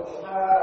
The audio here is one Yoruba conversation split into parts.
uh,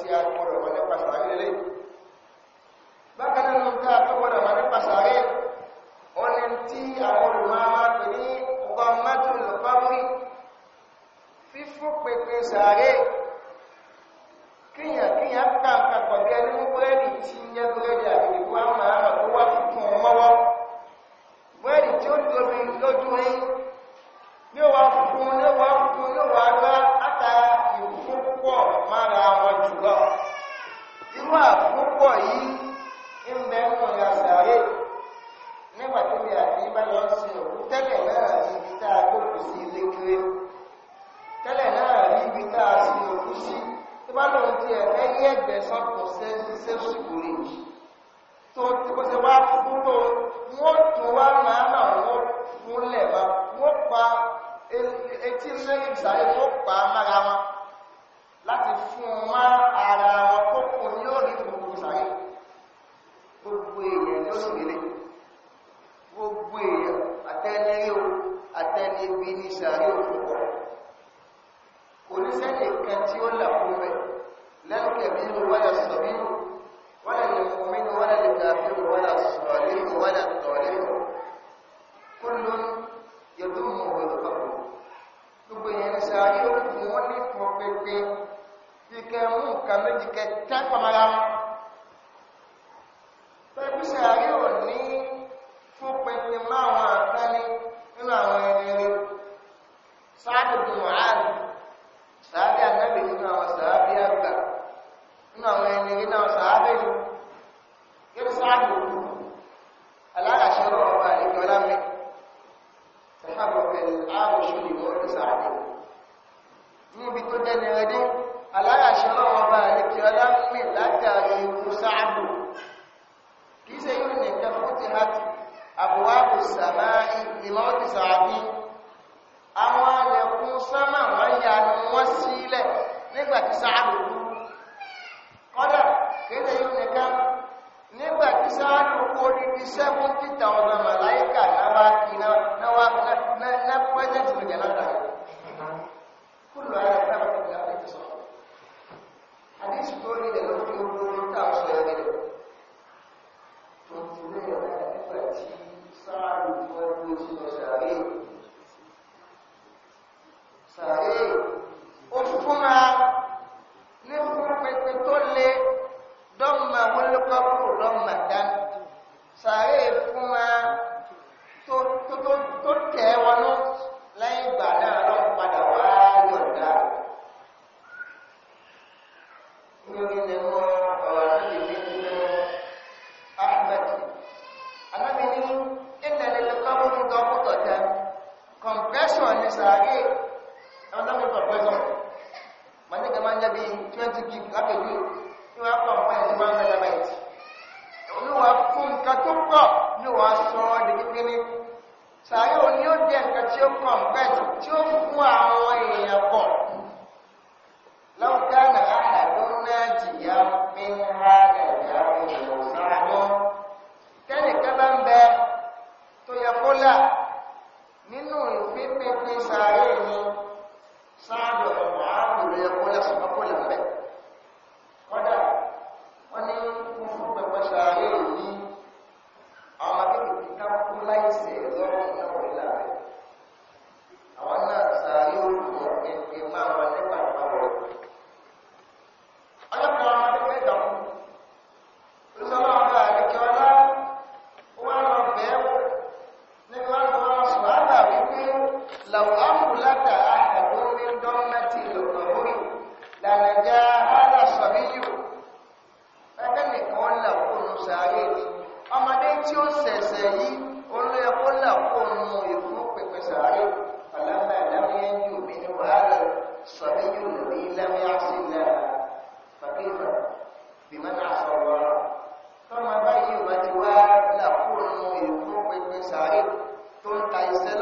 tí a kọ isso é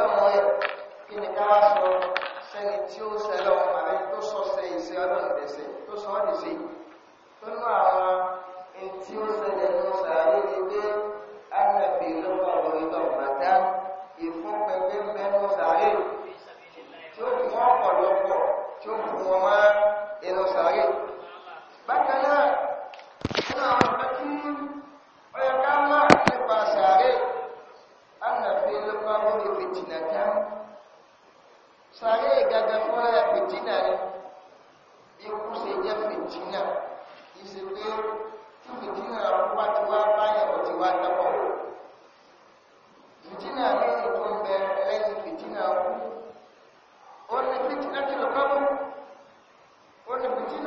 lọ́wọ́ ẹ̀ kí ni ká wá sọ sẹ́ni tí ó sẹ lọ́wọ́ àrẹ tó sọ sẹ ìṣẹ́ ọlọ́ọ̀dẹ̀sẹ̀ tó sọ ọ́ nìṣe tó nú àwọn ẹni tí ó sẹlẹ̀ ní sàárè ni pé ánàbì lọ́wọ́ àwọn ìlú ọ̀bàdá ìfúnpẹpẹ mẹ́nu sàárè tí ó mú ọ̀pọ̀lọpọ̀ tí ó mú wọn má ẹnu sàárè bákan náà nínú àwọn ọ̀pẹ́ tí fìtínà ni ikú ṣe jẹ́ fìtínà ìṣe pé tí fìtínà wá ti wá báyẹ̀ kò ti wá tọ́pọ̀ fìtínà ní ètò bẹ lẹ́yìn fìtínà ó ní tí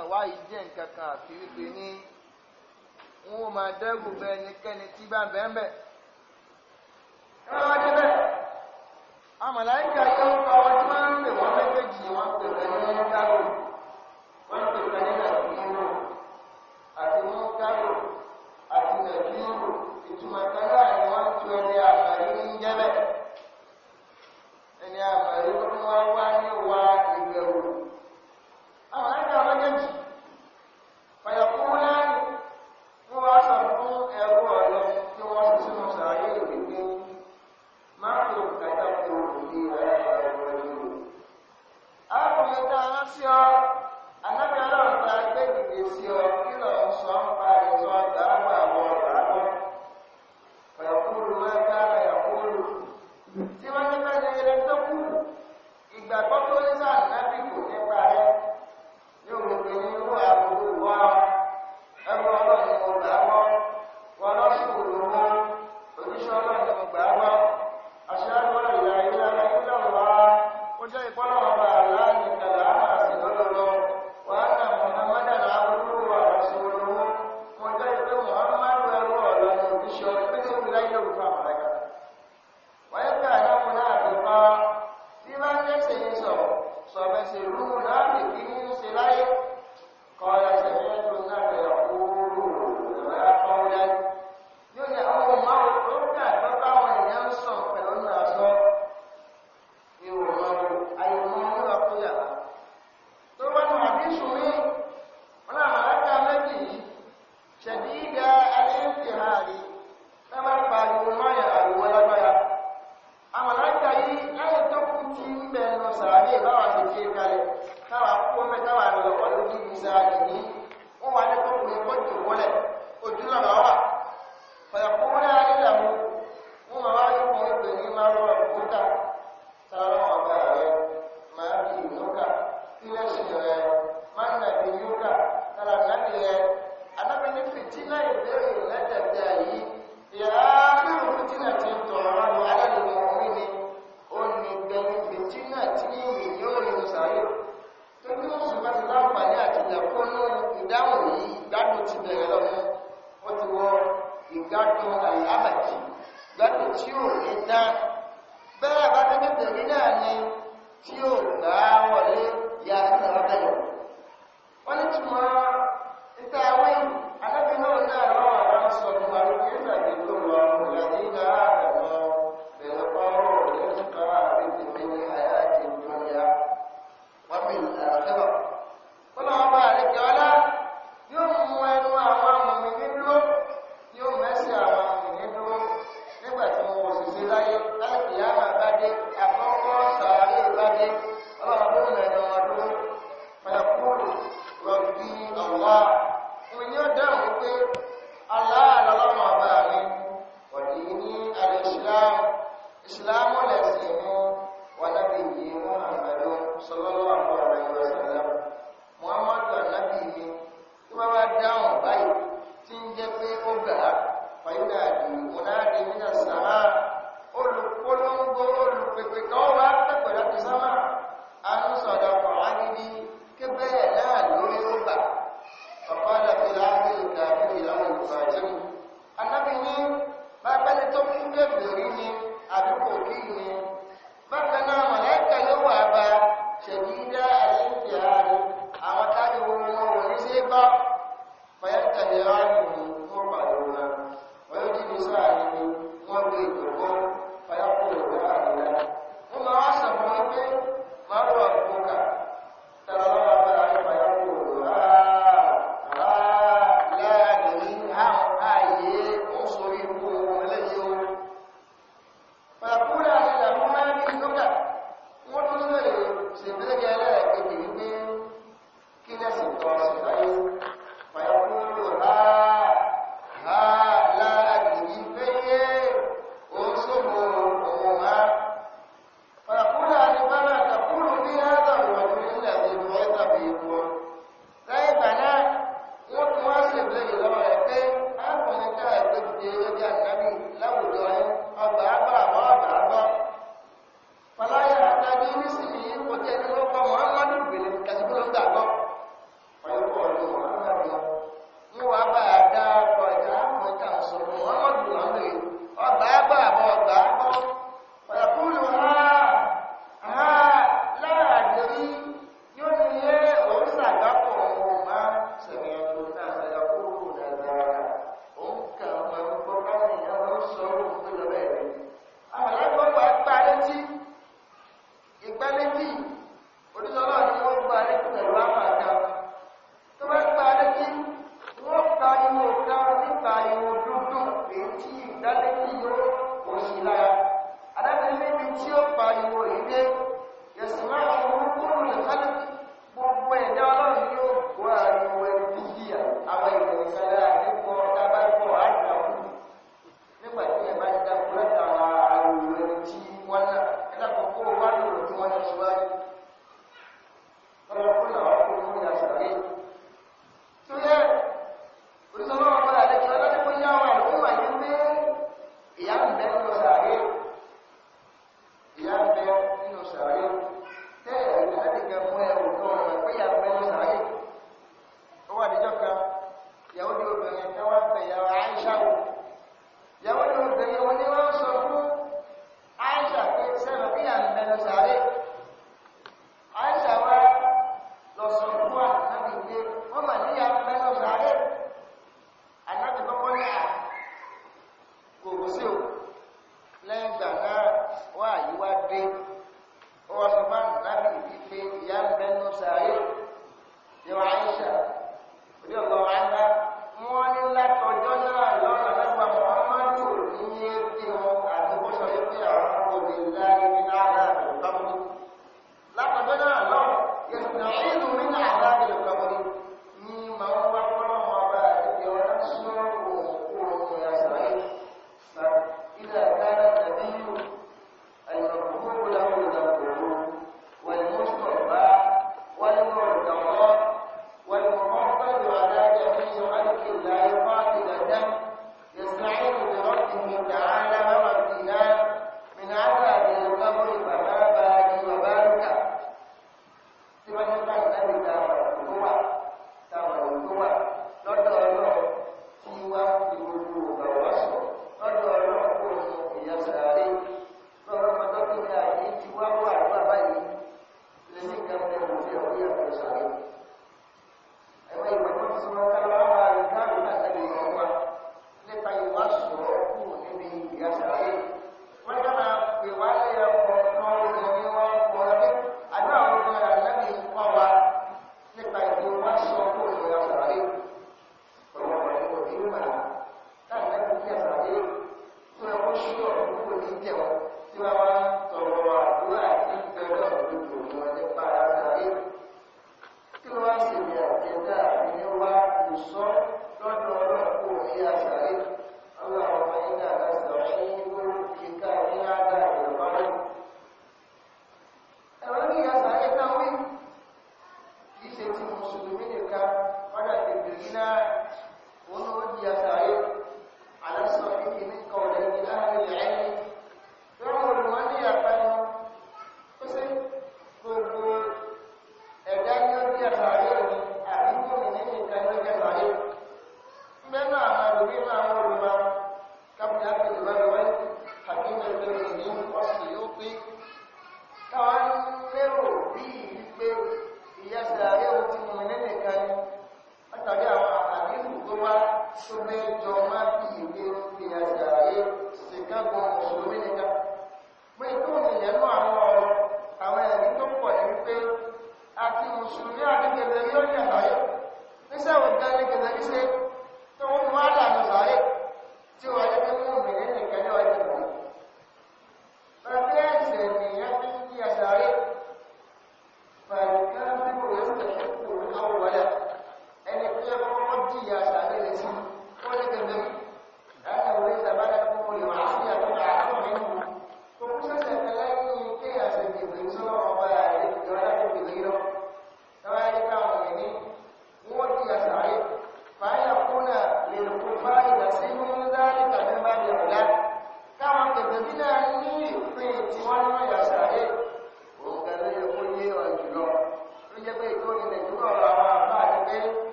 hàn wáyé jẹ́ nǹkan kan àfi wípé ní wọn máa dẹ́gùn bẹ ẹnikẹ́ni tí bá bẹ́ẹ̀ bẹ́ẹ̀. ẹ wá débẹ̀ àmàlà ẹ̀ka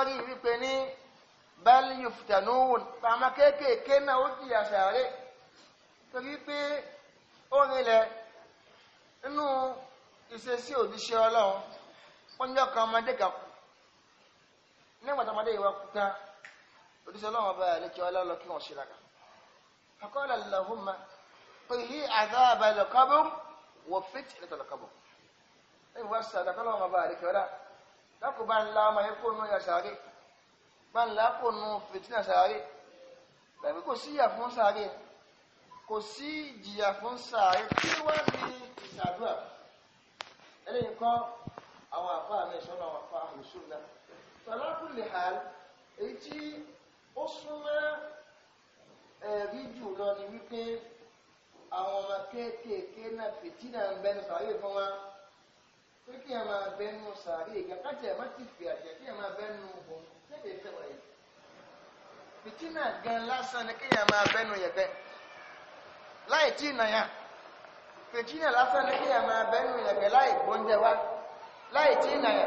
wọ́n rí wípé ní báyìí yóò fìtànú wọn àwọn kéékèèké náà ó jìyà sàárè torí pé ó rinlẹ̀ nínú ìṣesí òjíṣẹ́ ọlọ́run ó ní ọkàn ọmọdé kan nígbà tó ọmọdé ìwà kúta òjíṣẹ́ ọlọ́run ọba àlejò ọlọ́run kí wọ́n ṣe akọ́lẹ̀ lọ́hùnmá pé yí lọ́kọ́bùn wọ́n fìtì lọ́tọ̀lọ́kọ́bùn ẹ̀yìn wọ́n ọba àlejò ọlọ́run dákò bá ń la ọmọ yẹn kó nu ya sàárè bá ń la kó nu fìtínà sàárè bẹ́ẹ̀ kò sí ìyà fún sàárè kò sí ìjìyà fún sàárè kí wá ní ìsàdúrà ẹlẹ́yìn kọ́ àwọn àpá àmì ìṣọ́nà àwọn àpá àmì ìṣúná tọ́lákùnlé ha èyí tí ó súnmọ́ ẹ̀rí jù lọ ni wípé àwọn ọmọ kéékèèké náà fìtínà ń bẹ́nu sàárè fún wa pé kí ẹ máa bẹ nínú sàárì ìgbà kájà ẹ má ti fi àjẹ kí ẹ máa bẹ nínú òun kéde tẹwà yìí fìtínà gan lásán ni kí ẹ máa bẹ nínú yẹn bẹ láì tí ì nà yá fìtínà lásán ni kí ẹ máa bẹ nínú yẹn bẹ láì gbóúnjẹ wá láì tí ì nà yá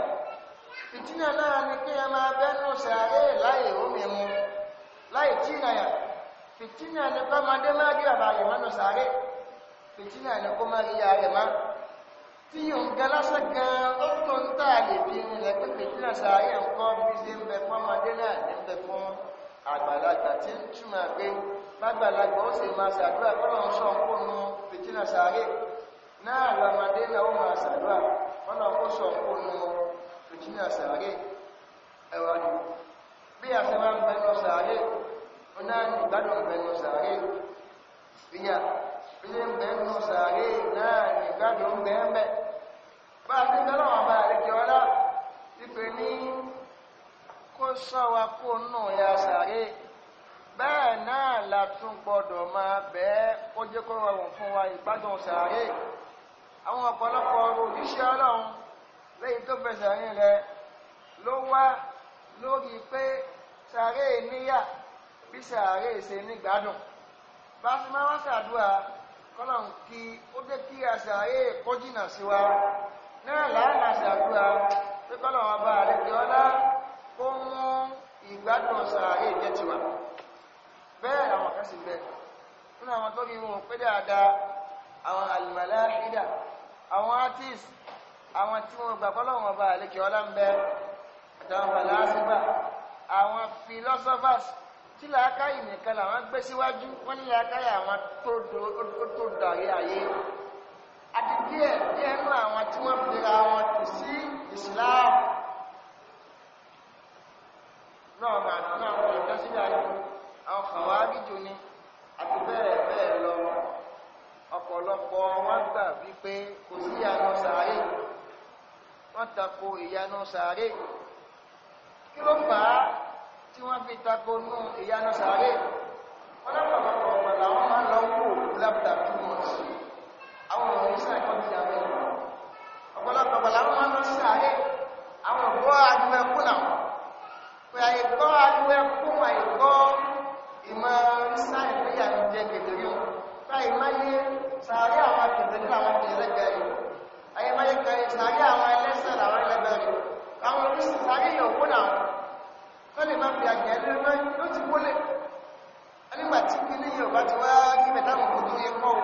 fìtínà náà ni kí ẹ máa bẹ nínú sàárì láì omi mu láì tí ì nà yá ni kọ́mọdé má dé bàbá yẹn mọ́nu sàárì fìtínà ni kó má rí ya má tí yóò gan lásán gan ó tó ń tà lè fi ilẹ̀ pípé tí náà sàárè ńkọ́ bí ṣe ń bẹ fún ọmọdé náà ní bẹ fún àgbàlagbà tí ń túmọ̀ pé lágbàlagbà ó sì máa ṣàdúrà fọlọ́run sọ kó nu fìtínà sàárè náà lọ́mọdé náà ó máa ṣàdúrà fọlọ́run kó sọ kó nu fìtínà sàárè ẹ̀wà ni bí a máa ń bẹnu sàárè ó náà ní ìgbádùn bẹnu sàárè ìyá ilé ń bẹnu sàárè náà ní ìgbádùn bẹ́ẹ̀ bẹ́ẹ̀ bá a ti ń bẹ́lọ́ àbá rẹ̀ kí ọlá ìpè ní kó sọ́wa kó nù ya sàárè bẹ́ẹ̀ náà la tún gbọ́dọ̀ máa bẹ́ẹ̀ kó jẹ́ kó rọrùn fún wa ìgbádùn sàárè àwọn ọ̀pọ̀lọpọ̀ òjíṣẹ́ ọlọ́run lẹ́yìn tó fẹsẹ̀ rìn rẹ̀ ló wá lórí pé sàárè níyà bí sàárè ṣe nígbádùn bá a ti máa wá ṣàdúrà kọ́lọ̀ kí ó jẹ́ kí àṣàárè kó jìnnà sí wa náà láàmà ṣàdúrà pé kọ́lọ̀ wọn bá rẹ̀ kí ọlá kó mú ìgbádùn sàárè jẹ́ tiwa bẹ́ẹ̀ àwọn kan sì bẹ́ẹ̀ nínú àwọn tó rí wọn pé dáadáa àwọn alìmọ̀láhídà àwọn artist àwọn tí wọ́n gbà kọ́lọ̀ wọn bá rẹ̀ kí ọlá ń bẹ àtàwọn fàlásíbà àwọn philosophers tí làákàyè nìkan làwọn gbé síwájú wọ́n ní làákàyè àwọn tó dàrí ayé àti díẹ̀ díẹ̀ nínú àwọn tí wọ́n fi ra wọn tù sí Islam náà mà nínú àwọn ọ̀dọ́ sí ayé àwọn kàwáríjò ni àti bẹ́ẹ̀ bẹ́ẹ̀ lọ ọ̀pọ̀lọpọ̀ wọn gbà wípé kò sí ìyanu sàárè wọ́n tako ìyanu sàárè kí ló fà á tí wọ́n fi tako nú ìyanu sàárè wọ́n lápapọ̀ ọ̀pọ̀ làwọn máa lọ wò lápapọ̀ túmọ̀ sí i àwọn èèyàn ìṣẹ́ ẹ̀kọ́ ti yàwó ẹ̀ ọ̀pọ̀lọpọ̀ pẹ̀lú àwọn ọmọ sí àárẹ̀ àwọn ìgbọ́ adúgbò ẹkú náà pé àìgbọ́ adúgbò ẹkú àìgbọ́ ìmọ̀ ìṣẹ́ ìpínyà ń jẹ gẹ̀gẹ̀rí wọn láì máyé sàárẹ̀ àwọn akẹ̀kẹ̀rí àwọn ẹlẹ́gbẹ̀rẹ̀ ayé máyé kẹrin sàárẹ̀ àwọn ẹlẹ́sẹ̀ àwọn ẹlẹ́gbẹ̀rẹ̀ àwọn oríṣi sàárẹ̀ yẹ̀ òkú náà kọ́lẹ̀ máa fi àgbẹ̀ ẹlẹ́gbẹ̀rẹ̀ ló ti wọlé nígbà tí kí ní Yorùbá ti wá kí mẹ́ta mọ̀ tó yẹ kọ́ òun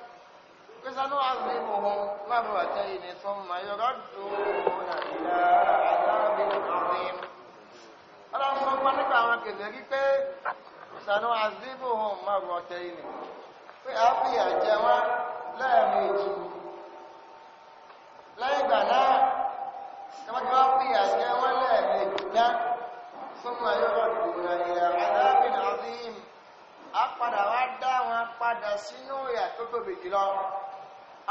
فسنعذبهم مرتين ثم يردون إلى عذاب عظيم ọlọ́run sọ pé nípa àwọn kèfèrí pé ìsànú àzíbòhùn mọ̀rọ̀ tẹ́yìnì pé a fi àjẹ wọn lẹ́ẹ̀mejì lẹ́yìn ìgbà náà ẹwọ́n tí wọ́n fi àjẹ wọn lẹ́ẹ̀mejì náà súnmọ́ ayọ́rọ̀ ìgbìmọ̀ ìyàrá lábìnrin àzíìm a padà wá dá wọn padà sínú ìyà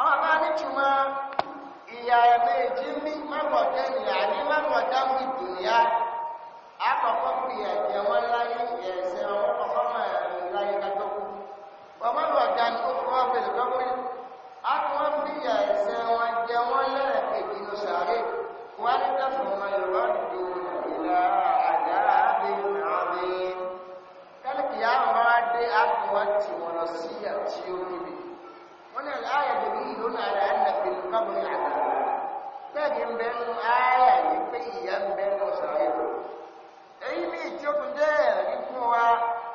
àwọn bá nítumọ̀ ìyà ẹ̀mẹ́jì ní mọ́rọ̀dá ìyà ní mọ́rọ̀dá ìdùnnìyà àkọ́kọ́ fi ẹ̀jẹ̀ wọn láyé ẹ̀sẹ̀ wọn kọ́kọ́ mọ̀ láyé kájọ́ kú wọ́n mọ́rọ̀dá ní ó fọwọ́ bẹ̀rẹ̀ lọ́pẹ́ àkọ́kọ́ fi wọn jẹ wọn lẹ́ẹ̀kejì يدل على أن في القبر عذاب لكن بين آية بين بين إسرائيل èyí ní ìjókòó jẹ́ ẹ̀rí fún wa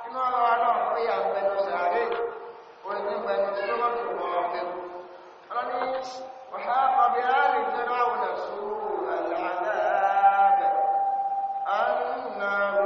inú ọlọ́wà náà pé à ń bẹnu sàárè òun ní bẹnu sọ́lọ́tù ọ̀gbẹ́ ọlọ́ni ọ̀há ọbẹ̀ àárín ìjọba àwọn ẹ̀sùn àlàáfẹ́ àánú náà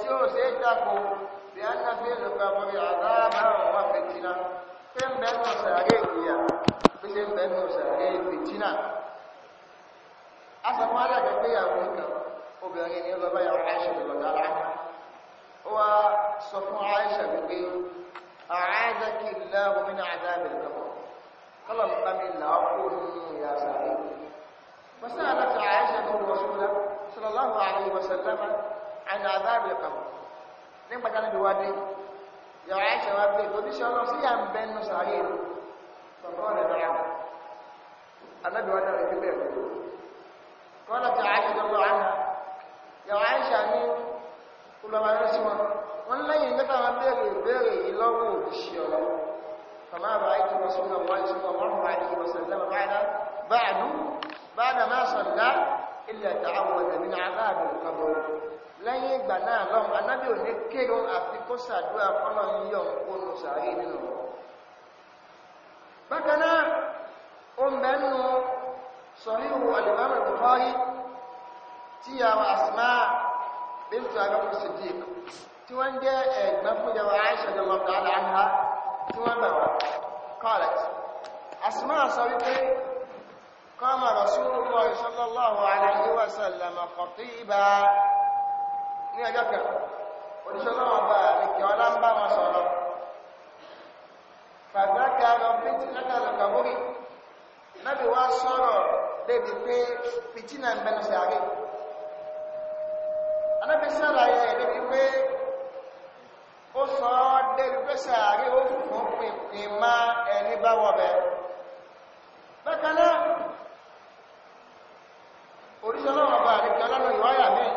cheo sechako bi anna fil qabri azaban wa fitna pem benu sare kuya pem benu sare fitna asa mala de pe ya won kan obìnrin ni baba ya Aisha bi dala ó wá sọ fún Aisha bi pé a'adaki Allah min azab al-qabr kala mami la ko ni ya sare fasalata Aisha bi rasulullah sallallahu alaihi wasallam àìnà àzáàrù ẹ̀kà wọ̀ nígbà tí a níbi wá dé yàrá ẹ̀ṣẹ̀ wá pé ìtòdíṣẹ́ ọlọ́run sí yà ń bẹ́ nù sàárè bàbá rẹ̀ rárá anábì wá dára ẹgbẹ́ bẹ́ẹ̀ kọ́lá ti àìṣẹ́ tó lọ àná yàrá ẹ̀ṣẹ̀ ní olùwàbà rẹ̀ sí wọn wọn lẹ́yìn nígbà wọn béèrè ìbéèrè ìlọ́wọ́ òṣìṣẹ́ ọlọ́run فما رأيت رسول الله صلى الله lẹ́yìn ìgbà náà lọ́wọ́ anábì ò ní kírun àfi kó ṣàdúrà kọ́nà yíyọ̀ kó nù sàárè nínú wọn bákan náà ó mẹ́nu sọ̀ríwò alìmọ́mù Bukhari tí yàwó Asma bint Abi Bakr Siddiq tí wọ́n jẹ́ ẹ̀gbọ́n fún yàwó Aisha radiyallahu ta'ala anha tí wọ́n bẹ̀rẹ̀ qalat Asma sọ wípé qama Rasulullah sallallahu alaihi wa sallam khatiba ní ọjọ́ kan oníṣọ́lọ́wọ́n bá àríkẹ́ ọlá ń bá wọn sọ̀rọ̀ fàgbákà rọ̀bìtì látàlọ́kàbórì náàbí wá sọ̀rọ̀ débi pé pìtínà ń bẹnu sàárè anábí sàlàyé ẹ̀ débi pé ó sọ ọ́ débi pé sàárè ó fún pínpín má ẹni bá wọ̀ bẹ́ẹ̀ bákan náà oníṣọ́lọ́wọ́n bá àríkẹ́ ọlá lọ ìwáyà mẹ́rin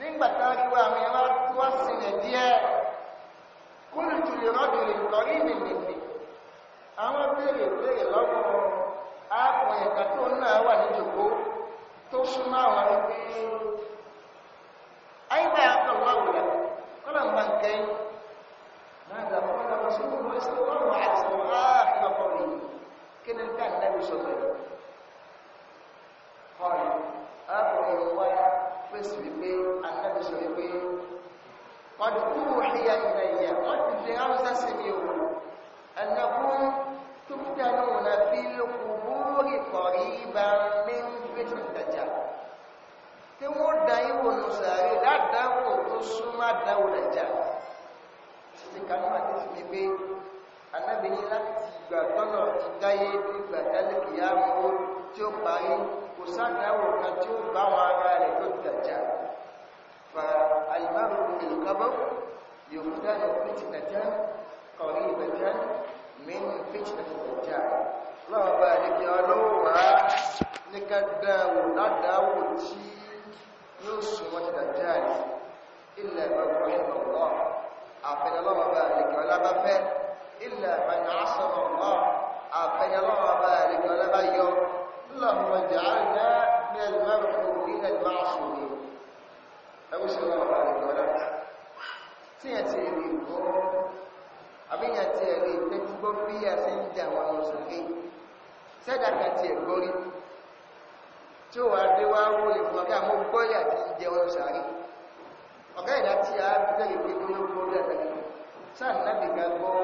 nígbà tá a rí wa àwọn ẹ̀rọ tí wọ́n sílẹ̀ díẹ̀ kúlù tù lè rọ́bìnrin lọ́rí ìmìnìmì àwọn béèrè béèrè lọ́wọ́ ẹ̀ka tó náà wà níjòkó tó súnmọ́ àwọn ẹgbẹ́ àyíká àkọlù àwòrán kọ́lá ń bá ń náà fèsì wípé anábì sọ wípé wọ́n ti kú òhìyà ìrẹ̀yà wọ́n ti fi ránṣẹ́ sí mi o ẹnàkún tó ń dánú ọ̀nà fi lókù bóòrì kọ̀rí bá ní fèsì ìdájà tí wọ́n dá ìwò nù sàárè ládàáwò tó súnmọ́ àdáwò lẹ́jà títí kanú àti ti wípé anábì láti ìgbà ti dáyé nígbà tálẹ́kìyà mọ́ tí ó parí kò sádàáwò kan tí ó bá wọn ara rẹ̀ tó dàjà fa alimaru ilkabo yóò dáná fitinata kọrí ìbẹ̀já min fitinata dàjà lọ́wọ́ bá àdékẹ́ ọlọ́wà ní ká dáwò ládàáwò tí yóò sùn wọ́n ti dàjà rẹ̀ ilẹ̀ ìbàgbọ́ ìbàgbọ́ àfẹ́lẹ́ lọ́wọ́ bá àdékẹ́ ọlábáfẹ́ ilẹ̀ ìbàgbọ́ àfẹ́lẹ́ lọ́wọ́ bá àdékẹ́ ọlábáyọ́ اللهم اجعلنا من المرحومين المعصومين ẹwọ́ sí ọlọ́run àrẹ ìgbọ́lá tí yẹn ti rí ìgbọ́ àbíyàn ti rí ìtẹ́tígbọ́ bí i àti ń jẹ àwọn mùsùlùmí sẹ́dà kan ti ẹ̀gbọ́ rí tí ó wà dé wá wó lè fún ọgá àmú gbọ́yà ti jẹ wọn sàárì ọgá ìdá tí a bẹ̀rẹ̀ pé kí ló kó dàdà sáà nàbì ká gbọ́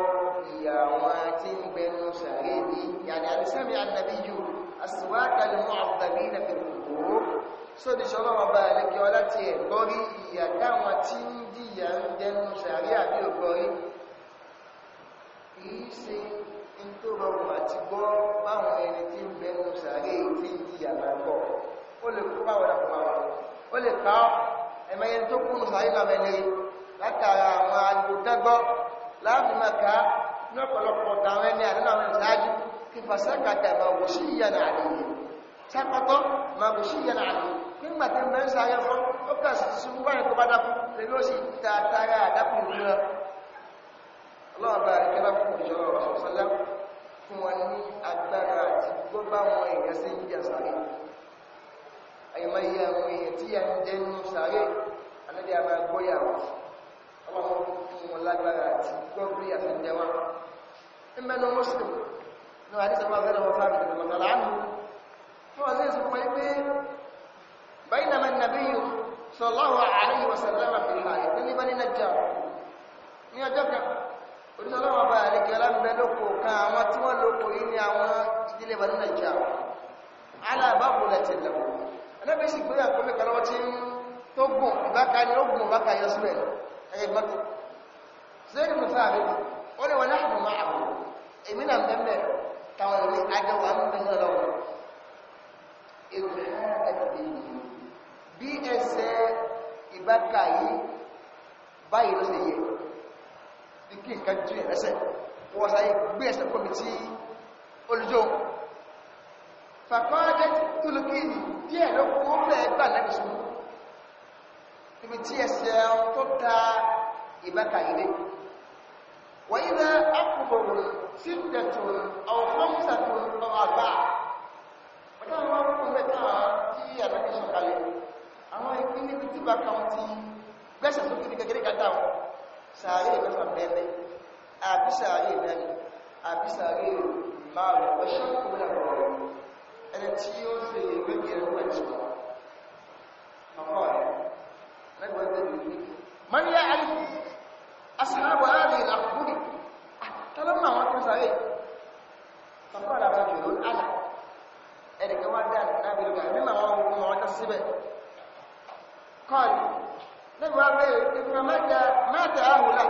àwọn tí ń bẹnu sàárì yìí yàrá àti sẹ́mi ànàbí yìí aswata al-mu'azzabina fi al-qubur so di solo wa ba le ki ola ti e gori ìyà ta wọn tin jìyà denu sari àbí ogori ise in to ro wa ti gbọ́ bá wọn ẹni tin benu sari tin jìyà ma ko ó lè ko ba wala ko ma ó lè ka e ma yen to ku sari la látara àwọn agbódágbọ́ láàbùmọ̀ká ní ọ̀pọ̀lọpọ̀ tàwọn ẹni àdínà àwọn ìsáájú فسكت مغشيا عليه سقط مغشيا عليه nígbà tí mẹ́ ń sáré fún ó kà sí ṣubú báyìí tó bá dákú lèmi ó sì ta tara àdákù nìyàn ọlọ́ọ̀bá ìkẹ́lá fún ìjọba ọ̀sọ̀sọ́lá fún wọn ní agbára àti gbọ́ bá wọn èèyàn sí ìjà sáré àyèmáyé àwọn èèyàn tí a ń jẹ́ ní sáré anáde àmà gbọ́yà mùsùlùmí ní wà ní sọ máa fẹ́ràn wọn fáàmì ìrìnlọ tọ́lá ánú fún wọn sí sọ pé pé báyìí nàmà nàbí yìí sọ lọ́wọ́ àárín ìwọ̀sànlọ́wà fi hà ìpín ní bani nàjà ní ọjọ́ kan oníṣọ́lọ́wọ́ bá àlejò alábẹ́ lóko kan àwọn tí wọ́n lóko yìí ní àwọn ìdílé bani nàjà alábàbò lẹ́tì lọ́wọ́ ẹlẹ́bí táwọn ìwé ajáwà ń bí lọ́lọ́ ìwé ẹ̀dẹ̀ bí ẹsẹ̀ ìbáka yìí báyìí ló ṣe yẹ ní kí nǹkan jú ẹ̀rẹ́sẹ̀ wọ́n sáyé gbé ẹsẹ̀ kọ́mi tí olùjọ́ fàkọ́rẹ́ tùlùkìní díẹ̀ ló kó fẹ́ gbà lẹ́nu sùn níbi tí ẹsẹ̀ tó da ìbáka yìí وإذا أكبر ستة أو خمسة أو أربعة wọ́n wọ́n kún mẹ́ta tí àtàkì sọ kalẹ̀ àwọn ìpín níbi tí bá kan ti gbẹ́sẹ̀ tó kìí gẹ́gẹ́rẹ́ kátà wọn sàárè mẹ́fà bẹ́ẹ̀lẹ̀ àbí sàárè mẹ́rin àbí sàárè márùn ọ̀ṣọ́ ìpínlẹ̀ rọrùn ẹni tí ó ṣe ìwé-gẹ̀rẹ́ pẹ̀lú ọkọ̀ rẹ̀ lẹ́gbẹ̀ẹ́ أصحاب هذه الأقبور طالما هو كان صحيح فقال رجل أنا ẹnìkan wá dá àdínábì lóga mímọ̀ àwọn ohun ọjọ́ síbẹ̀ kọlù nígbà bẹ́ẹ̀ ìgbìmọ̀ mẹ́ta àhùlá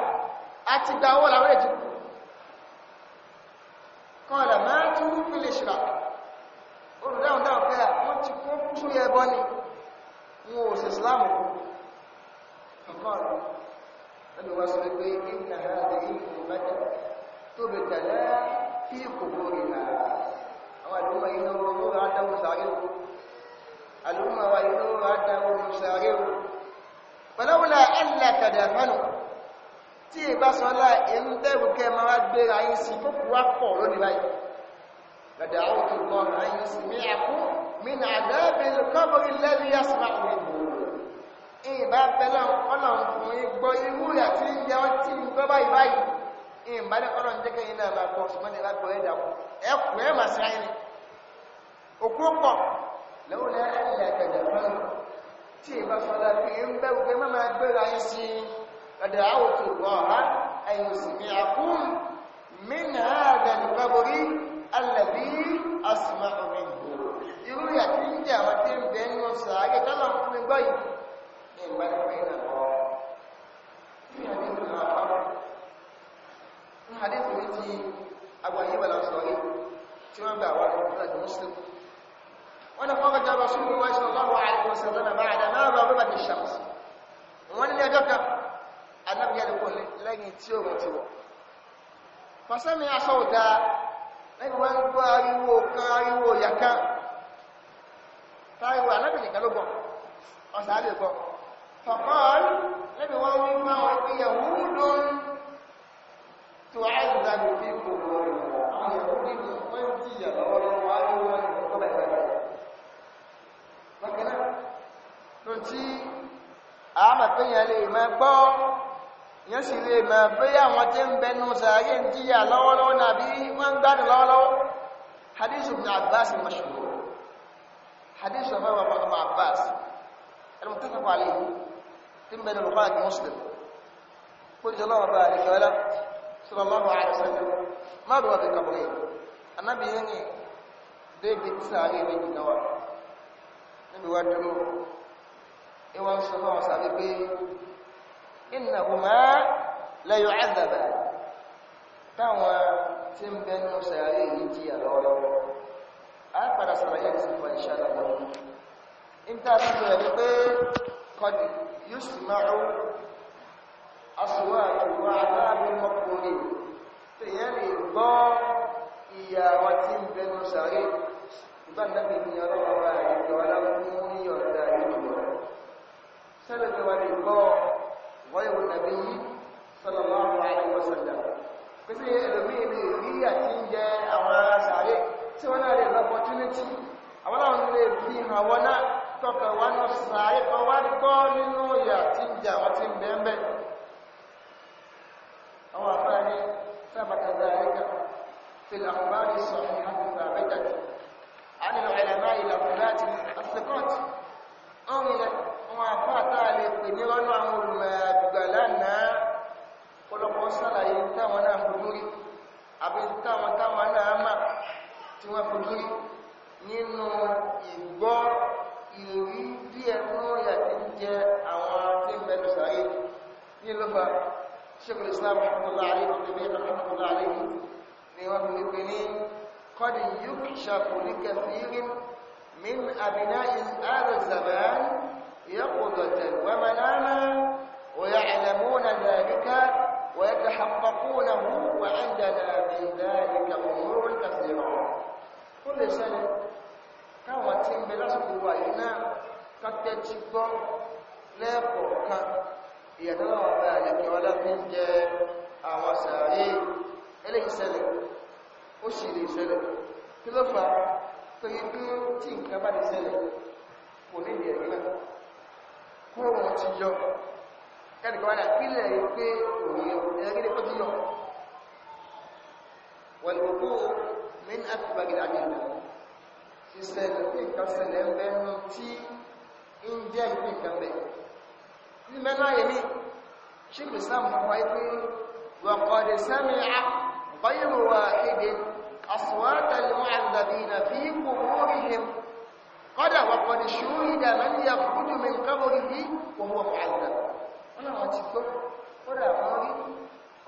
àti gba owó làwọn èjì kọlù máa tí ó fi lè ṣìrà olùdáhùn dáhùn pé wọ́n ti الوصفين إن هذه أمة تبتلى في قبورها والأمة إنه الوضوء عده ساغر الأمة وإنه عده ساغر فلولا ألا تدافنوا tí ìbá sọ́lá ìrúndẹ́rù kẹ ma wá gbé ayé sí tó kú wá pọ̀ lónìí báyìí lọ́dà àwọn tó gbọ́n ayé sí ní àkú mí nà àdábìlì kọ́bùrì lẹ́rìí yásùmá òmìnira ìbá bẹ́lá ọlọ́run ọla irú àti ìyá ọtí gbọ́ báyìí ìbá ní ọlọ́run jẹ́kẹ́ yìí náà bá gbọ́ ṣùgbọ́n ìbá gbọ́ ẹ̀dà kù ẹ̀kù ẹ̀ mà sí ayẹni òkú pọ̀ lẹ́wọ́lẹ́ ẹ̀yà ìgbàjà lọ́rùn tí ìbá sọ́lá pé ń bẹ́ má yín sí ọ̀dà ọ̀há ẹ̀yìn sì ní mínà àgbẹ̀lú alẹ́bí asùnmọ́ irú àwọn tí ń bẹ́ẹ̀ ń sọ الجبال بين الغرام في حديث آخر من حديث ولدي أبو أيوب الأنصاري تمام دعوة مفرد مسلم وأنا خرج رسول الله صلى الله عليه وسلم بعد ما غربت الشمس وأنا لأجبك النبي يقول لن تيوم تيوم فسمع صوتا lẹ́yìn wọ́n ń gbọ́ ariwo kan ariwo yàká táíwò alábìnrin kan ló gbọ́ ọ̀sán á lè gbọ́ فقال لم يوم ما يهود تعذب في قبورهم يهود ويمتي لهم bákanáà ló tí a mọ̀ pé yẹn lè mọ̀ gbọ́ yẹn sì lè mọ̀ pé àwọn tí ń bẹnu sàárè ń jíyà lọ́wọ́lọ́wọ́ nàbí wọ́n ń gbádùn lọ́wọ́lọ́wọ́ hadithu ibn abbas mashhur hadithu ọ̀fẹ́ wọn ọmọ abbas ẹni mọ̀ tó sọ tí ń bẹ nínú fáàkì muslim kódìjọ náà bá ìfẹ́lá sallallahu alaihi wasallam má dùn àti kàbùrẹ̀ anábì yẹn ni david sáré méjì náwà níbi wá dúró ìwọ́n sọ fún ọ̀sán wípé innahuma la yu'adhaban táwọn tí ń bẹ nínú sáré yìí jìyà lọ́wọ́lọ́wọ́ a padà sọ̀rọ̀ yẹn sí fún ìṣàlọ́ wọn. ń tà sí pé kọ́dì يسمع أصوات وعذاب المقبولين تيالي الله ìyà wa tí ń bẹnu sàárè ìbá nàbì ní ọlọ́wọ́ wa ìjọ aláwọ̀ ní ọ̀dá ìlúwọ̀ sẹ́lẹ̀ tó wà lè gbọ́ wọ́yẹ̀wò nàbí yìí sallallahu alaihi wasallam pèsè ẹlòmíì lè rí àti ń jẹ àwọn ará sàárè tí wọ́n náà lè lọ́pọ̀ túnítì àwọn náà lè fi tọ́fẹ̀ wá ní ọ̀sán ayẹ́kọ́ wá gbọ́ nínú ìyà tí ń jà wọ́n ti ń bẹ́ẹ̀bẹ́ àwọn àfáà ní sábàkàdà ayẹ́kà في الأخبار الصحيحة الثابتة عن العلماء الأقلات الثقات أمنا وفاتا لقني ونعمل ما بقلنا ولقوا صلى ينتا ونعمدوري أبنتا وتا ونعمة توا فدوري nínú ìgbọ́ ìròrí díẹ̀ mọ́rìyà tí ń jẹ àwọn tí ń bẹnu sàáyé ní lọ́fà ṣekùn islam rahmatullahi rahmatullahi ni wọ́n fi wípé ní kọ́dí yóò ṣàkó ní kẹfìírín min abiná ìsáàrù zaman yaqudatan wa manama wa ya'lamuna dhalika wa yatahaqqaqunahu wa 'indana min dhalika umurun kathira kullu sana káwọn tí ń bẹ lásìkò wà yìí náà kápẹ́tì gbọ́ lẹ́ẹ̀kọ̀ọ̀kan ìyàtọ̀ àwọn ọ̀rẹ́ àyẹ̀kẹ́ ọlọ́pìn jẹ àwọn sàárè eléyìí ṣẹlẹ̀ ó sì lè ṣẹlẹ̀ kí ló fà torí pé tí ìṣẹ̀lẹ̀ pé nǹkan ṣẹlẹ̀ ń bẹ́nu tí ń jẹ́ ìpín nǹkan bẹ̀. ní mẹ́lá yẹmí ṣíkì sáàmù wáyé pé wàkọ̀dẹ̀ sẹ́mi àbáyéwà èdè asùwátàlùmọ́ àgbàbìnà fi kò mórìhìm kọ́dà wàkọ̀dẹ̀ ṣúrídà mẹ́líyà kúrúdù mi kábòrì yìí wọ́n kọ́dà wọ́n rí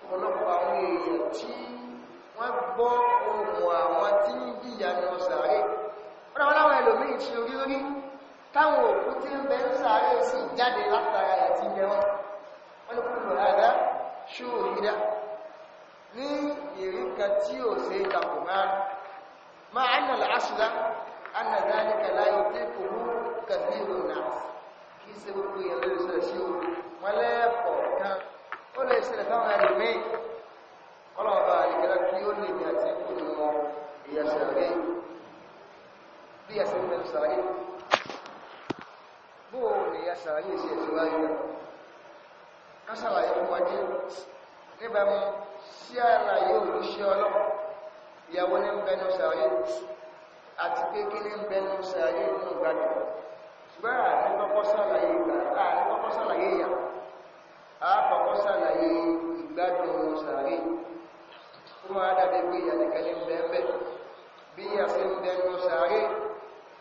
ọ̀pọ̀lọpọ̀ wọ́n gbọ́ ohun àwọn tí ń jìyà ní ọ̀sàrẹ́ wọ́n wọ́n láwọn ẹlòmíì ṣe orí lórí táwọn òkú tí ń bẹ ń sàárẹ̀ sí jáde látara àti ilẹ̀ wọn wọ́n ní kúrò àdá ṣó òyìnbá ní ìrìnkà tí ò ṣe kàpò máa máa ánà làásùlá ánà dáníkà láyé dé kòrò kàbírò náà kì í ṣe gbogbo èèyàn lórí ṣẹlẹ̀ sí o wọn lẹ́ẹ̀kọ̀ kan rẹ̀ bí ẹsẹ̀ ń bẹ̀rẹ̀ sàlàyé bóò ní ya sàlàyé sí ẹ̀sẹ̀ láyé ká sàlàyé fún wájú níbàmú sí àlàyé olùṣẹ́ ọlọ́pàá ìyàwó ní ń bẹnu sàlàyé àti pé kí ní ń bẹnu sàlàyé nínú gbàgbọ́ ṣùgbọ́n àárín kọ́kọ́ sàlàyé ìgbà àárín kọ́kọ́ sàlàyé ìyà àákọ́kọ́ sàlàyé ìgbádùn sàlàyé ó máa dàbí pé ìyà nìkan ní ń bẹ́ẹ̀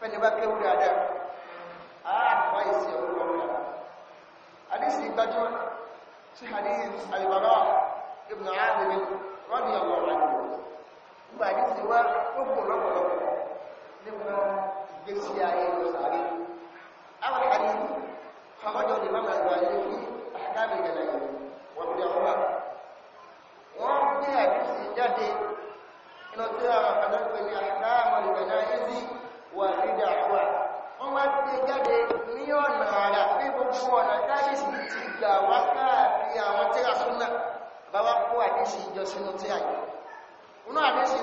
fẹ́ni bá kéwú dáadáa àáfà ìsẹ̀ orúkọ rẹ̀ àdísì gbájúmọ́ sí àdísì àlìbàbá ibn áàbìrì rọ́dì ọ̀wọ̀ àdìbò gbogbo àdísì wá gbogbo lọ́pọ̀lọpọ̀ nípa ìgbésí ayé lọ́sàárì àwọn àdísì kọmọjọ ni mọ́mọ́ àgbà yìí fi àdámì ìdẹ̀lẹ̀ wọ́n fi ọ̀pọ̀ wọ́n gbé àdísì jáde inú tí àwọn àdámì ìdẹ̀lẹ̀ wà rídà wà wọ́n wá gbé jáde ní ọ̀nà àrà pé gbogbo ọ̀nà dájísì ti gbà wá káàkiri àwọn tíra súnà bá fi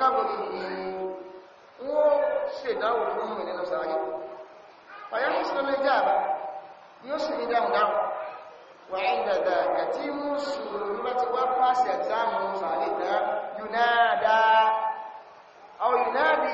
kábòrì yìí wọ́n ṣe ìdáwò fún mú nínú sàárè ọ̀yá mùsùlùmí jáàbá yóò sì ní dáhùn dáhùn wà ní dàdà àti mùsùlùmí bá ti wá pàṣẹ àtàmù sàárè náà yùnáàdá àwọn yùnáàdì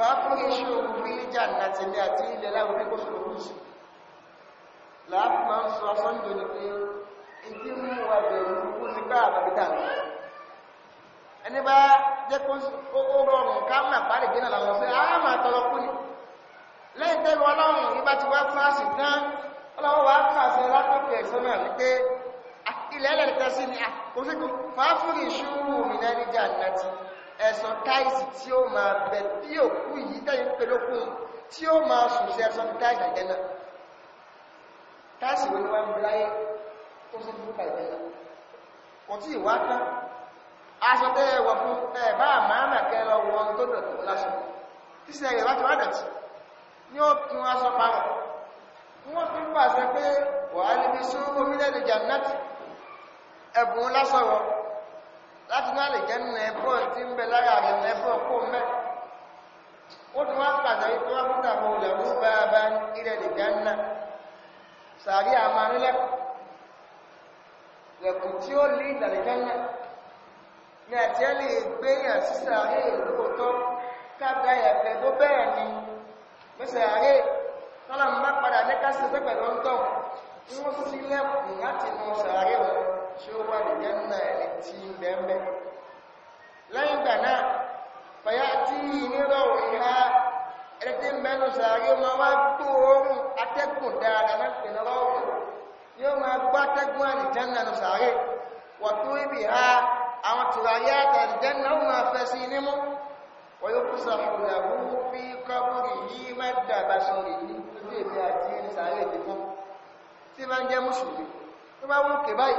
fàákùnrin iṣẹ́ ogun fi jà láti ilé àti ilẹ̀ láwọn pípọ̀ sọ̀rọ̀lúsù láàpùmá ń sọ asọ́ndò ní pé ìdí mú wà bẹ̀rù kú sí pé àbàbíta rẹ̀ ẹni bá jẹ́ kó rọrùn káàmà parí gínà làwọn sí àmà tọrọ kú ni lẹ́yìn tẹ́lu ọlọ́run ibá ti wá fún àṣì tán ọlọ́wọ́ wá pàṣẹ látọ̀kẹ̀ ìsọ́nà wípé ah, ilẹ̀ ẹlẹ́rìí tẹ́sí ni àkóṣe fàákùnrin iṣẹ́ ẹ̀sọ̀ táìsì tí ó máa bẹ bí òkú yìí tẹ́yìn pẹ̀lókún tí ó máa sùn sí ẹ̀sọ̀ táìsì àjẹ́nà táìsì wọn wọ́n bláyé tó sí púpà ìjẹ́nà kò tí ìwá tán aṣọ tẹ́yẹ wọ fún ẹ̀bá àmàmà kẹlọ wọn tó dọ̀tọ̀ láṣọ tí sí ẹ̀yẹ̀ láti wádàtì ní ó tún aṣọ pamọ́ wọ́n fi pàṣẹ pé wàá níbi sún omi lẹ́nu jàmínátì ẹ̀bùn lásọ̀rọ̀ láti náà lè jẹ́ nẹ́bọ̀ tí ń bẹ lára rẹ̀ nẹ́bọ̀ kó mẹ́ ó tún wá pàdé tó wá fún àwọn olùdàmú bá a bá ilẹ̀ lè jẹ́ ńlá sàárì àmà nílẹ̀kùn lẹ̀kùn tí ó lé ìdàlẹ̀jẹ́ ńlá ní àti ẹ́ lè gbéyàn sí sàárì lóòótọ́ kábẹ́ ẹ̀fẹ́ tó bẹ́ẹ̀ ni pé sàárì tọ́lá ń bá padà ní kásìtẹ́ pẹ̀lú ń wọ́n sí láti mọ sàárì wọn tí ó wà ní jẹ́nà ẹni tí ń bẹ̀ẹ̀bẹ̀ lẹ́yìn ìgbà náà fàyà tí ìnírọ̀wò ìhá ẹni tí ń bẹ̀ẹ̀nù sàárì ó máa wá gbó oorun atẹ́gùn dáadáa náà pè ní rọ́wò في قبره مد بصره lórí èmi àti ẹni sàárè ìdí fún tí bá ń jẹ́ mùsùlùmí tó bá wọ́n kè báyìí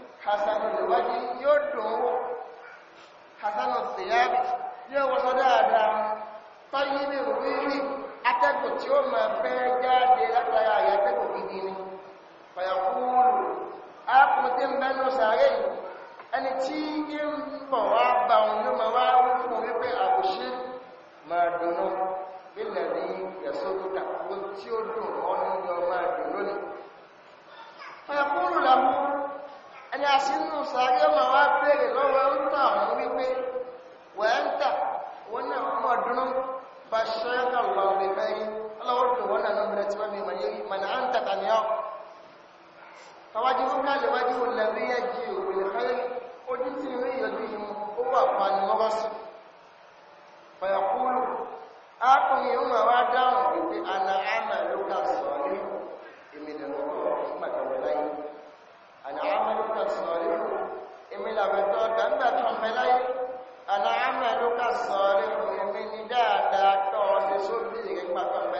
hasanul wajhi yóò dùn wò hasanul siyabi yóò wọ́sọ dáadáa fáyé ní rírí atẹ́gùn tí ó máa fẹ́ jáde látara àyàtẹ́gùn gidi ni fàyàkúrù ápùtí ń bẹ́nu sàárè ẹni tí ń bọ̀ wá bá òun ló máa wá ń fún wípé àbùṣe máa dùnú ilẹ̀ ní ẹ̀sọ́dúnkà ó tí ó dùn ọ́ nínú máa dùnú fàyàkúrù làwọn ẹni àṣínú sàárẹ́ ọmọ wá bèèrè lọ́wọ́ ń tà ọ̀hún wípé wẹ́ ń tà wọ́n náà mọ̀ dúnú bá ṣẹ́yọ́kà lọ́wọ́ bí mẹ́rin ọlọ́wọ́ tó wọ́n náà lọ́mọdé tí wọ́n mi mọ̀ yẹ́rí mọ̀ náà ń tàkà ní ọ́ tọwájú fúnra lè wájú wọn lẹ́rí ẹ̀jì òwe lẹ́rẹ́ ojú tí ń rí ìyọjú yìí mú ó wà pa sí pẹ̀yàkúlù ákùnrin ó máa dáhùn wípé àná àmà ló kà sọ̀rọ̀ ní ọ̀rọ̀ nígbàgbọ́ láyé àlàámẹ́lúkà sọ̀rí èmi làbẹ̀tọ́ dàgbà tó ń bẹ láyé àlàámẹ́lúkà sọ̀rí èmi ní dáadáa tó ọ̀sẹ̀ sóbì rẹ̀ pàtàkì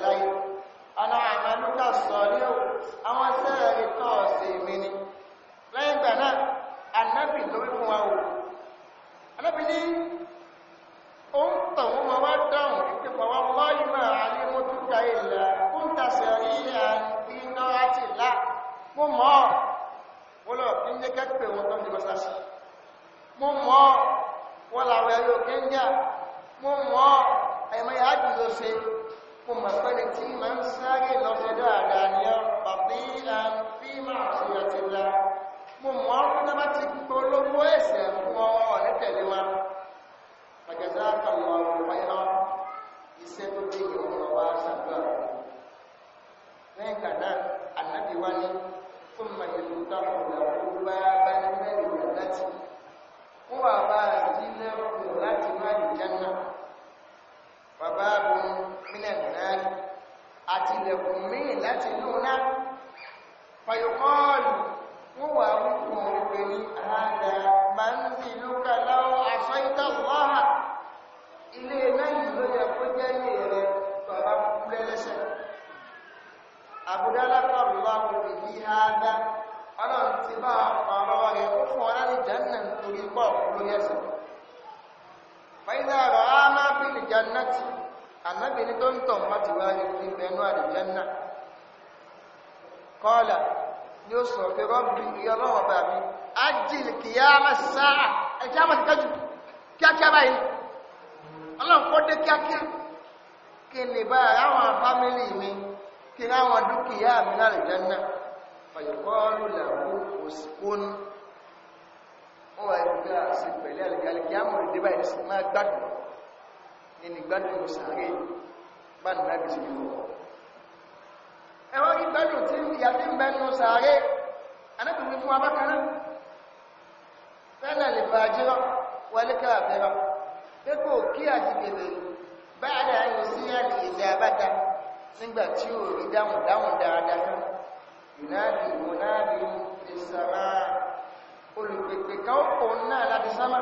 nìkan òun náà láti sámà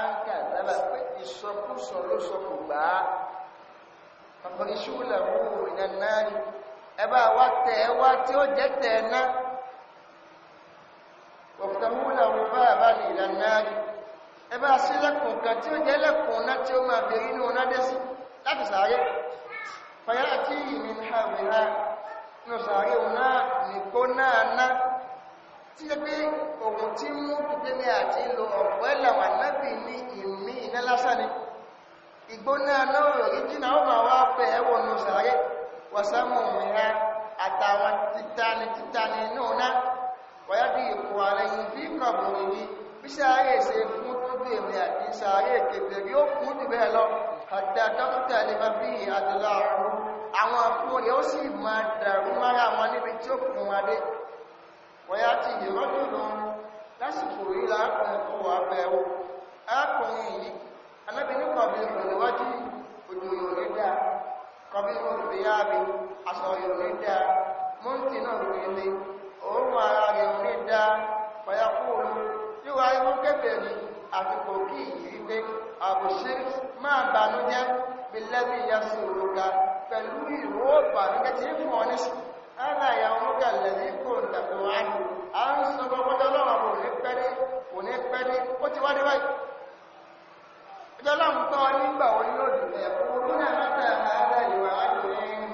áńkà lábà pé ìsọkúsọ ló sọkù gbà á ọ̀pọ̀lẹ́ṣù làwọn òrìnà náà ni ẹ bá wá tẹ̀ ẹ wá tí ó jẹ́ tẹ̀ ẹ náà ọ̀pọ̀lẹ́ṣù làwọn bá bá ní ìlànà náà ni ẹ bá sílẹ̀kùn kan tí ó jẹ́ lẹ́kùn náà tí ó máa tí ó pé ògùn tí mú kùgbémi àti lo ọ̀pọ̀ ẹ̀lẹ̀wà náàbì ní ìmí iná lásán ni ìgbóná náà rí ó máa wá pẹ̀ ẹwọ̀nù sàárẹ̀ wọ̀sánmù mìíràn àtàwọn títàní títàní náà wọ́yá bí ìkù ààrẹ yìí bí kọ̀bù nìyí bí ṣe fún àti ó jù bẹ́ẹ̀ lọ ní àwọn yóò sì máa dàrú mára wọn níbi tí ó wọ́n yá ti yìnbọn nínú lásìkò yìí láàpẹ̀ẹ́ kó wà bẹ̀ẹ́wò arákùnrin yìí alábìnrin kọ̀bí ìrọ̀lẹ́wájú òjò ìrọ̀lẹ́ dá kọ̀bí ìrọ̀lẹ́ aṣọ dá náà ilé òun ara rẹ̀ dá kébèrè yìí máa bànújẹ́ bí lẹ́bí tí ń fún ọ ana yàwọn múkà lẹ́yìn kò ń dàgbò àánú à ń sọ gbogbo ọlọ́run àbò ní pẹ́rí kò ní pẹ́rí ó ti wá dé báyìí ìjọba nígbà wo ni yóò dùn ẹ̀kọ́ olúnà mẹ́ta àárẹ̀ ìwà àjò ẹ̀yìn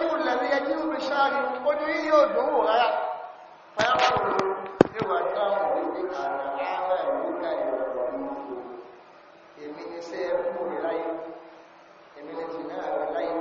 wọ́dí ìlẹ̀lẹ̀ ẹjí ń fi ṣáàrí ó ní yíò dúnwò rárá pẹ̀lú ìwà tó àwọn ìwé àgbà ara ìwúkà ìrọ̀rọ̀ èmi ni sẹ́ẹ̀kú mi láyé èmi ni jìnnà rẹ̀ láyé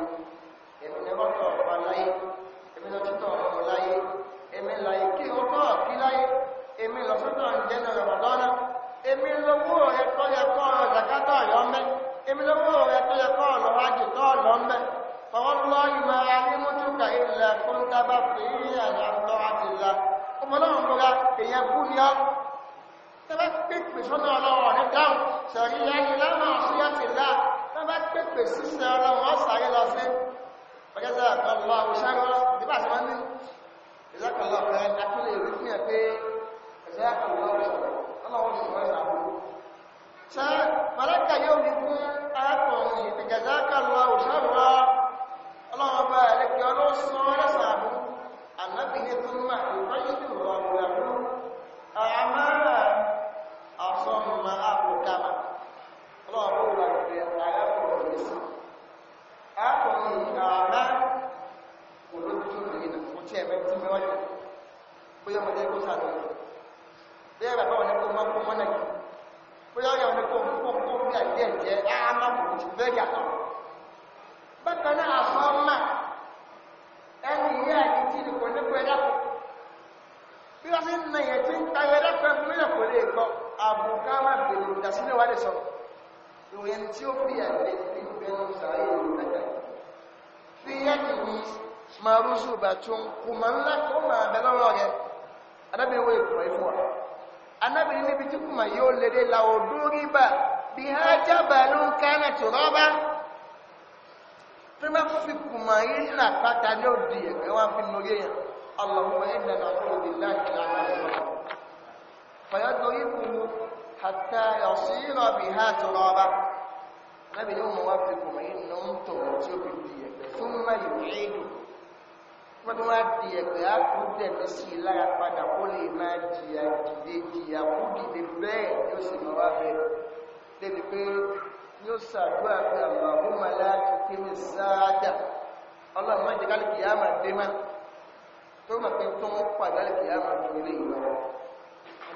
lè lọ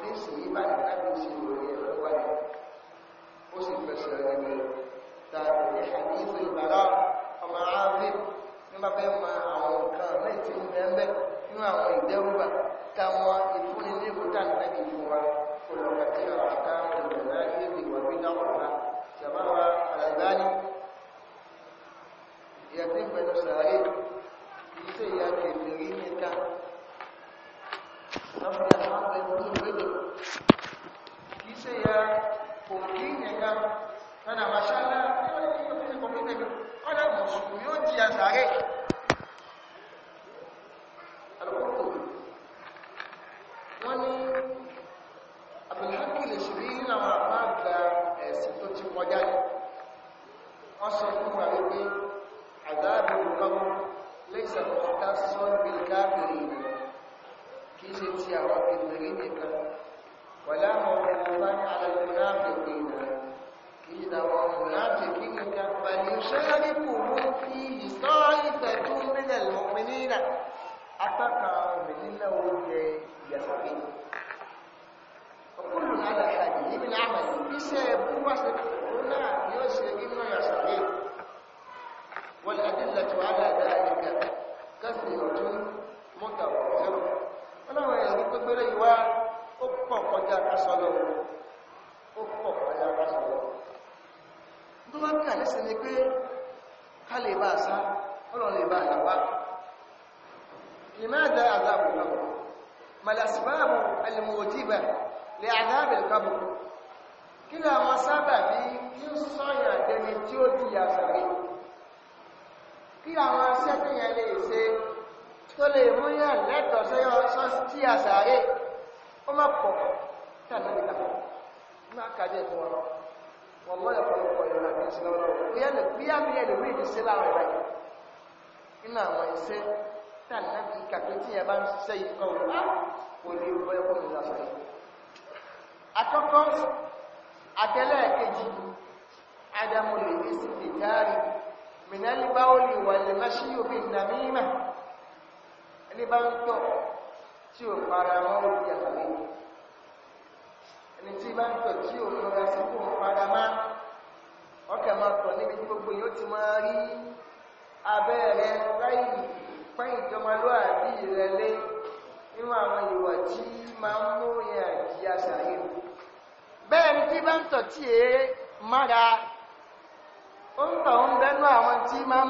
àdéhùn yìí báyìí lábẹ́ sí ìròyìn ẹ̀rọ wáyé ó sì fẹsẹ̀ rẹ̀ ní tààrí ìhàdíìsì ìbàrá ọmọ ààrẹ nígbà fẹ́ ma àwọn nǹkan náà ti ń bẹ́ẹ̀ nínú àwọn ìdẹ́rùbà táwọn ìfúnni ní ìbúta nígbàgbé fún wa olùkàkẹ́ ọ̀tá ìrìnà ìrìn wà bí náà wà jàmáwá àlàgbáni ìyàtí pẹ̀lú sàárè kìí sí ìyá kẹfìrí nìkan saboda haka wani rage kisa ya kokin ya ga tana mashallah ya yi kokin kokin da biyu ọ̀nà mùsùlùmí ó di àzàrẹ́ alùpùpù wọ́n ní abúlhaki lè ṣe rí nínú àwọn àpá àgbà ẹ̀sìn tó ti kọjá ní wọ́n sọ fún wa wípé àgbà àbúrò lọ́wọ́ lè sọ̀rọ̀ كيسي تي أواكد مرينك ولا موقوفان على المنافقين كيسي دعوة منافقين بل يشاركهم فيه طائفة من المؤمنين أتقى من الله وجه يسقين وكل على حاله من عمل بسبب وسط هنا يسقي ما يسقين والأدلة على ذلك كثيرة متوفرة ọlọ́run ẹ̀rí pépéré ìwá ó pọ̀ kọjá kásọ̀lọ́ ó pọ̀ kọjá kásọ̀lọ́ tó bá bí àlẹ́sẹ̀ ni pé ká lè bá àṣá ọlọ́run lè bá àlàwà لماذا عذاب القبر ما الأسباب الموجبة لعذاب القبر kí ni àwọn sábàbí tí ń sọ́yìn àtẹni tí ó dìyà sàrí kí àwọn asẹ́tẹ̀yẹ lè ṣe tó lè mú yàn lẹ́tọ̀ọ́ sẹ́yọ sọ́sí àsàárè ó má pọ̀ tí àná nígbà má kájẹ́ ìfún ọlọ́ wọn mọ́ ẹ̀kọ́ lọ́pọ̀ ìrọ̀lá bí ìṣẹ́ lọ́wọ́ bí ẹni bí àmì ẹni rí ìdí sí láwọn ìgbà yìí nínú àwọn iṣẹ́ tí lè ah, wọ lè ní sí ìdárí mìnálíbáwọlì ẹni bá ń tọ̀ tí ò fara mọ́ orí àtàwé ẹni tí bá ń tọ̀ tí ò múra sí má máa níbi tí gbogbo yóò ti máa rí abẹ́ rẹ láì pẹ́yìn ìjọmọlúwàbí rẹ lé nínú àwọn ìwà tí máa ń mú yẹn àjí bẹ́ẹ̀ ni tí bá ń tọ̀ tí èé mára ó ń tọ̀ ń bẹ́nu àwọn tí máa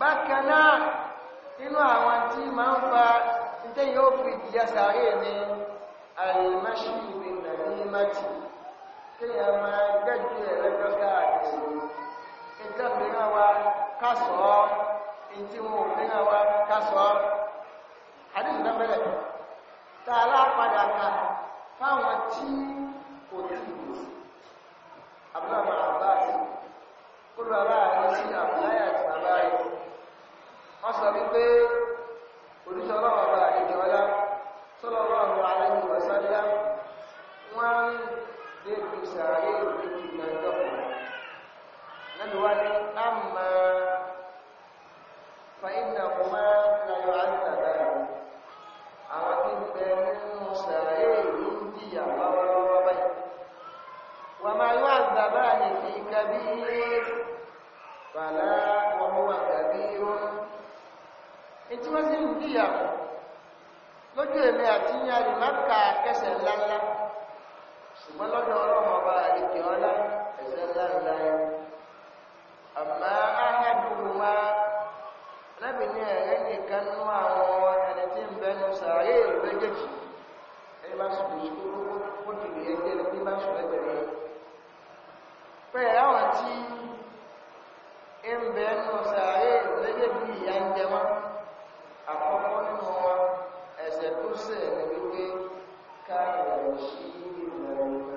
Bakana náà àwọn ma ń fa ìtẹ́yìn ó fi ìjìyà sàárè ní àìmáṣí ìwé nàìjírímátì kéèyàn máa gbẹ́jú ẹ̀rẹ́jọ́ káàkiri nǹkan mìíràn kásọ̀ ìtí wọn mìíràn wa kásọ̀ ọ́ àdéhùn dábẹ́rẹ̀ a kó lọ àwọn sí wọ́n sọ wípé oníṣẹ́ ọlọ́run ọba àdéjọ ọlá sọ́lọ́ ọlọ́run aláìní ọ̀sánlá wọ́n ń débi sàárè òkèjì ìgbàjọ́kọ̀ lẹ́nu wá ní àmà fàyínà kọ́má láyọ̀ àdìdàdà àwọn tí ń bẹ nínú sàárè ìlú ń jìyà lọ́wọ́lọ́wọ́ báyìí wọ́n máa yọ àgbàbá nìkí kábíyé fàlà wọ́n wà kábíyé ètí wọ́n sì ń gbìyànjú lójú èmi àti yín àrì má ka kẹsẹ̀ ńláńlá ṣùgbọ́n lọ́dọ̀ ọlọ́run ọba àríkè ọlá ẹ̀sẹ̀ ńláńlá yẹn àmọ́ áhàdùrù máa lábìnrin ẹ̀rẹ́ nìkan nú àwọn ẹni tí ń bẹnu ẹni bá sùn ó dìbò bá sùn àwọn tí ń bẹnu ń jẹ wọn. àkọ́kọ́ nínú wọn ẹ̀ṣẹ̀ tó ṣẹ̀ ní wípé káàkiri ṣí ìrìnà ìrìnà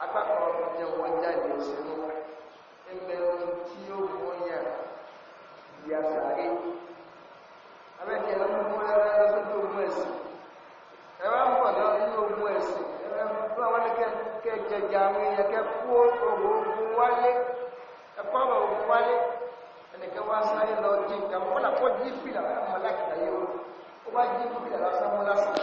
agbákan ọdún jẹ wọn jáde òṣèlú ẹgbẹ́ ohun tí ó mú yà ìyá sàárè abẹ́kẹ́ ẹ̀rọ mú ẹ̀rọ ẹ̀sùn tó mú ẹ̀sìn ẹ̀rọ ń pọ̀ náà nínú ogun ẹ̀sìn ẹ̀rọ ń pọ̀ àwọn ẹ̀kẹ́ jẹjà àwọn èèyàn kẹ́ kú ogun wálé ẹ̀kọ́ ọ̀rọ̀ ogun wálé ẹnìkan wá sáré lọ jí nǹkan mọ́ kọ́lá ọmọ láìka